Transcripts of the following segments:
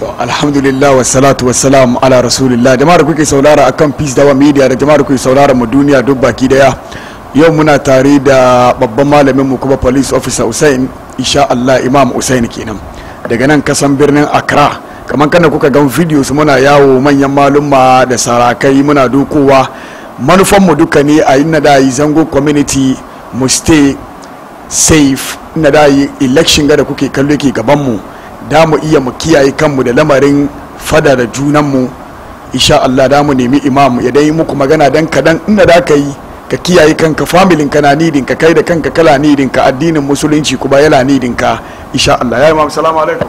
to alhamdulillah wa salatu wa salam ala rasulillah jama'ar kuke saurara akan peace dawa media da jama'ar kuke saurara mu duniya duk baki daya yau muna tare da babban malamin mu kuma police officer Usain insha Allah Imam Usain kenan daga nan kasan birnin Accra kamar kana kuka gan videos muna yawo manyan malumma da sarakai muna dukowa manufan mu duka ne a inna da zango community mu stay safe na da yi election ga da kuke kallo ke gaban mu da mu iya mu kiyaye kanmu da lamarin fada da junanmu insha Allah da mu nemi imam ya dai muku magana dan kadan inda da ka yi ka kiyaye kanka familin ka na nidin ka kai da kanka kala nidin ka addinin musulunci kuma yana nidin ka insha Allah ya imam assalamu alaikum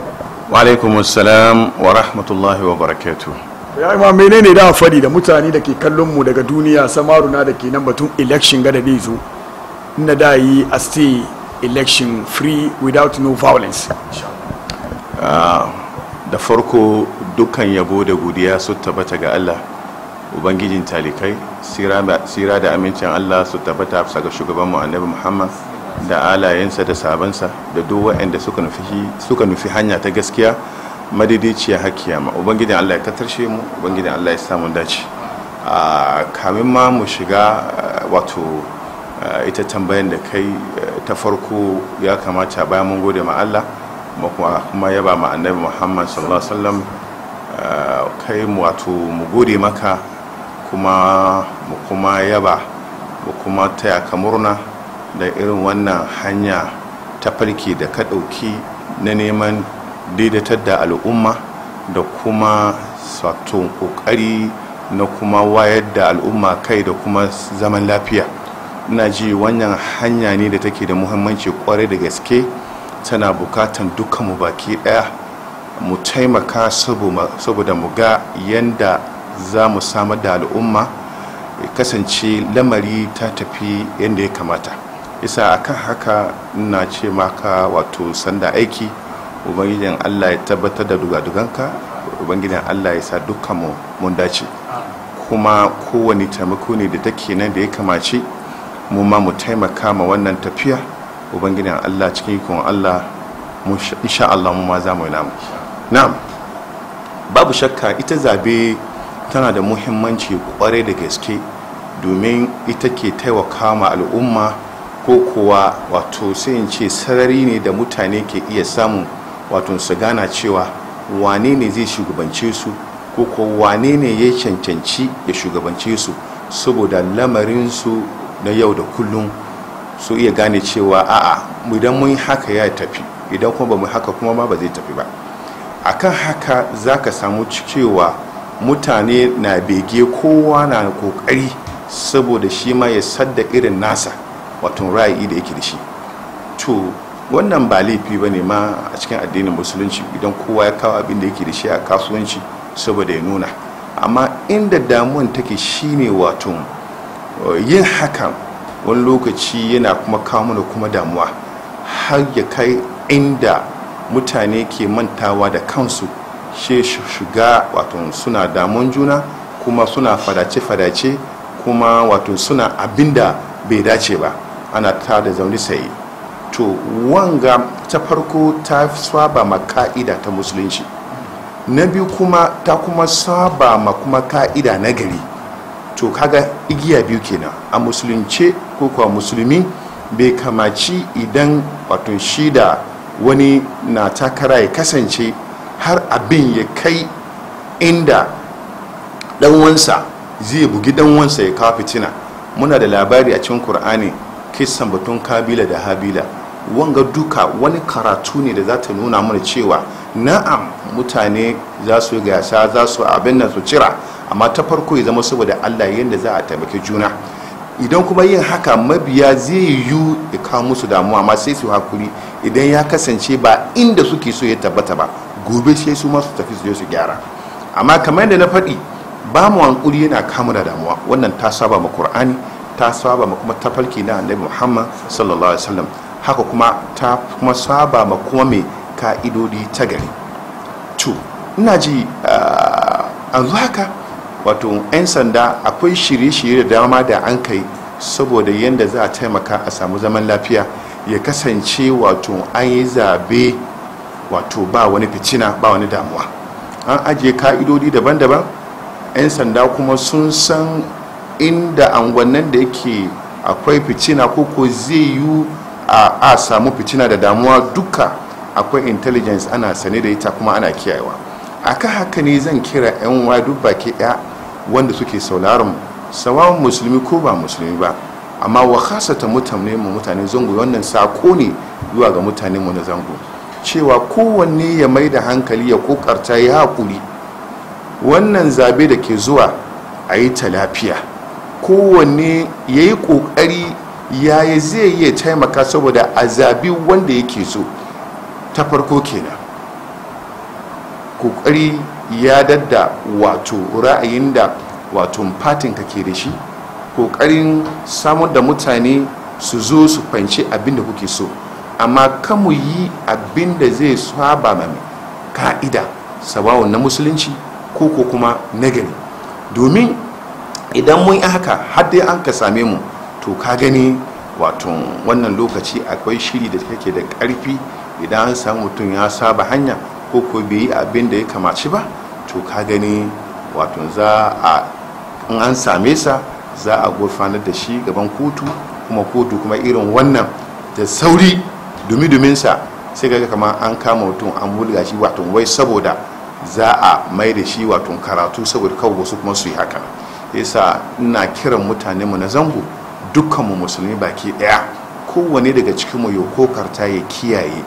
wa alaikum assalam wa rahmatullahi wa barakatuh ya imam menene da fadi da mutane da ke kallon mu daga duniya samaru na da ke nan batun election ga da zo inda da yi a stay election free without no violence insha Ah, da farko dukkan yabo da godiya su tabbata ga allah ubangijin talikai sira da amincin allah su tabbata a ga shugabanmu annabi muhammad da alayensa da sabansa da duk waɗanda suka nufi hanya ta gaskiya madidiciya hakiya ma ubangijin allah ya tattarshe mu ubangijin allah ya samu dace a ah, kamin ma mu shiga ah, wato ita tambayan da kai eh, ta farko ya kamata bayan mun gode ma allah kuma yaba ma annabi muhammad sallallahu alaihi wasallam eh, kai wato mu gode maka kuma mu kuma yaba mu kuma taya ka murna da irin wannan hanya ta farki da ka ɗauki na neman daidaitar da al'umma da kuma saton ƙoƙari na kuma wayar da al'umma kai da kuma zaman lafiya ina ji wannan hanya ne da take da muhimmanci kwarai da gaske tana bukatan dukkanmu baki daya mu taimaka saboda mu ga yadda za mu samar da al'umma kasance lamari ta tafi yadda ya kamata isa akan haka ina ce maka wato sanda aiki ubangijin allah ya tabbatar da dugaduganka ubangijin allah ya sa dukkanmu mun dace kuma kowane taimako ne da take nan da ya kamace mu ma mu taimaka ma wannan tafiya ubangijin allah cikin ikon allah insha allah mu ma za mu namu na babu shakka ita zabe tana da muhimmanci kwarai da gaske domin ita ke taimaka ma al'umma ko kuwa wato sai in ce sarari ne da mutane ke iya samu wato su gana cewa wane ne zai shugabance su ko ko wane ne ya cancanci ya shugabance su saboda lamarin su na yau da kullum su iya gane cewa a'a idan mun haka ya tafi idan kuma ba mu haka kuma ba zai tafi ba akan haka za ka samu cewa mutane na bege kowa na kokari saboda shi ma ya sadda irin nasa wato ra'ayi da yake da shi to wannan ba laifi ba ne ma a cikin addinin musulunci idan kowa ya kawo abin da yake da shi a kasuwanci saboda ya nuna amma inda damuwan take shine wato eh, yin hakan wani lokaci yana kuma kawo mana kuma damuwa har ya kai inda mutane ke mantawa da kansu she shiga wato suna damun juna kuma suna fadace-fadace kuma wato suna abinda bai dace ba ana ta da zaune saye to wanga ta farko ta saba ma ka'ida ta musulunci na biyu kuma ta kuma saba ma kuma ka'ida na gari to kaga igiya biyu kenan a musulunce ko kuwa musulmi bai kamaci idan wato shi da wani na takara ya kasance har abin ya kai inda ɗanwansa zai bugi ɗanwansa ya kawo fitina muna da labari a cikin kur'ani kisan batun kabila da habila wanga duka wani karatu ne da za ta nuna mana cewa na'am mutane za su gasa za su abin nan su cira amma ta farko ya zama saboda allah yadda za a taimaki juna idan kuma yin haka mabiya zai yu ya kawo musu damuwa amma sai su hakuri idan ya kasance ba inda suke so ya tabbata ba gobe sai su masu tafi su su gyara amma kamar yadda na faɗi ba mu hankuri yana kamu da damuwa wannan ta saba ma qur'ani ta saba ma kuma tafalki na annabi muhammad sallallahu alaihi wasallam haka kuma ta kuma saba ma kuma mai ka'idodi ta gari to ina ji ah, an haka wato 'yan sanda akwai shirye-shirye da dama da an kai saboda yadda za a taimaka a samu zaman lafiya ya kasance wato an yi zabe wato ba wani ficina ba wani damuwa an ajiye ka'idodi daban-daban 'yan sanda kuma sun san inda angwannan da yake akwai ficina ko ko zai yi a samu ficina da damuwa duka akwai intelligence ana sane da ita kuma ana kiyayewa aka haka ne zan kira 'yan wadu duk baki ɗaya wanda suke sauraron sawawan musulmi ko ba musulmi ba amma wa khasata mutane mu mutane zango wannan sako ne zuwa ga mutane mu na zango cewa kowanne ya mai da hankali ya kokarta ya hakuri wannan zabe da ke zuwa a yi ta lafiya kowanne ya yi kokari yaya zai iya taimaka saboda a zabi wanda yake so ta farko kenan kokari ya dadda wato ra'ayin da wato fatin ka ke da shi kokarin samar da mutane su zo su fance abin da kuke so amma kamu yi abin da zai saba mai ka'ida sabawon na musulunci ko ko kuma na gani domin idan mun yi haka har an ka same mu to ka gani wato wannan lokaci akwai shiri da take da karfi idan an samu mutum ya saba hanya ko ko bai yi abin da ya kamaci ba to ka gani wato za a in an same sa za a gurfanar da shi gaban kotu kuma kotu kuma irin wannan da sauri dumi-duminsa sai ga kama an kama mutum an mulga shi wato wai saboda za a mai da shi wato karatu saboda kawo wasu kuma su yi haka yasa ina kiran mutane mu na zango dukkanmu musulmi baki daya kowane daga cikinmu ya kokarta ya kiyaye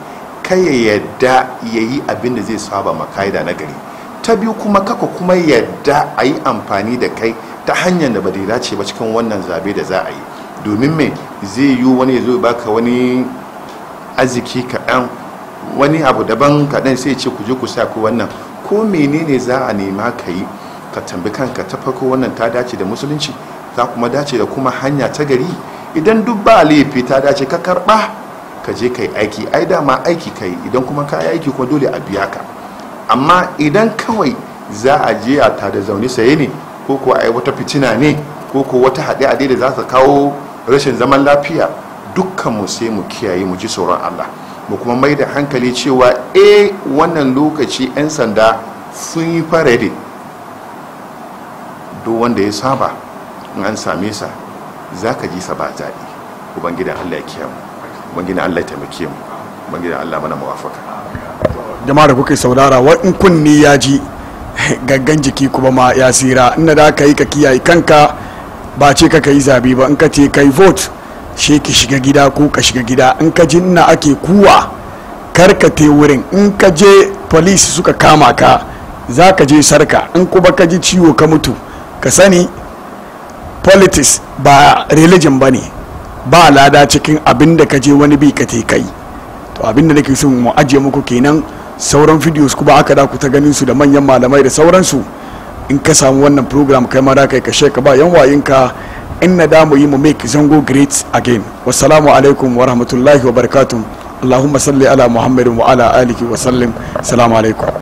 ya yadda ya yi abin da zai saba makaida na gari ta biyu kuma kaka kuma yadda a yi amfani da kai ta hanyar da ba da dace ba cikin wannan zabe da za a yi domin me zai yi wani ya zo baka wani arziki kaɗan wani abu daban kaɗan sai ce ku je ku sa ku wannan ko menene za a nema ka yi ka tambi kanka ta farko wannan ta dace da musulunci za kuma dace da kuma hanya ta gari idan duk ba laifi ta dace ka karɓa ka je ka yi aiki ai dama aiki ka yi idan kuma ka yi aiki kuma dole a biya ka amma idan kawai za a je a tada zaune saye ne ko kuwa wata fitina ne ko ko wata haɗe haɗe da za ta kawo rashin zaman lafiya dukkan mu sai mu kiyaye mu ji tsoron Allah mu kuma mai da hankali cewa e wannan lokaci 'yan sanda sun yi fara farade duk wanda ya saba in an same sa za ka ji sa ba daɗi ubangidan Allah ya mu. ubangiji Allah ya taimake mu ubangiji Allah mana muwafaka jama'a da kuka saurara wa in kunni ya ji gaggan jiki kuma ma ya tsira ina da ka yi ka kiyaye kanka ba ce ka yi zabi ba in ka ce kai vote she ki shiga gida ko ka shiga gida in ka ji ina ake kuwa kar ka te wurin in ka je police suka kama ka za ka je sarka in kuma ka ji ciwo ka mutu ka sani politics ba religion ba ne ba lada cikin abin da ka je wani bi ka te kai to abin da nake so mu ajiye muku kenan sauran videos kuma aka da ku ta ganin su da manyan malamai da sauransu in ka samu wannan program kai ma da kai ka sheka ba yan wayinka in na da mu yi mu make zango great again wassalamu alaikum wa rahmatullahi wa barakatuh allahumma salli ala muhammadin wa ala alihi wa sallim